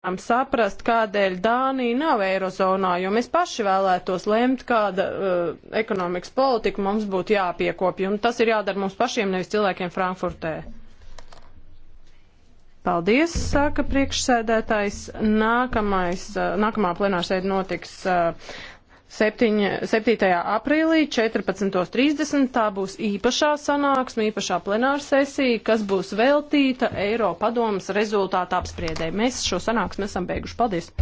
varam saprast, kādēļ Dānija nav Eirozonā, jo mēs paši vēlētos lemt, kāda uh, ekonomikas politika mums būtu jāpiekopja, un tas ir jādara mums pašiem, nevis cilvēkiem Frankfurtē. Paldies, saka priekšsēdētājs. Nākamais, uh, nākamā plenārsēde notiks uh, 7. 7. aprīlī 14.30. Tā būs īpašā sanāksme, īpašā plenāra sesija, kas būs veltīta Eiropadomas rezultātu apspriedē. Mēs šo sanāksmi esam beiguši. Paldies!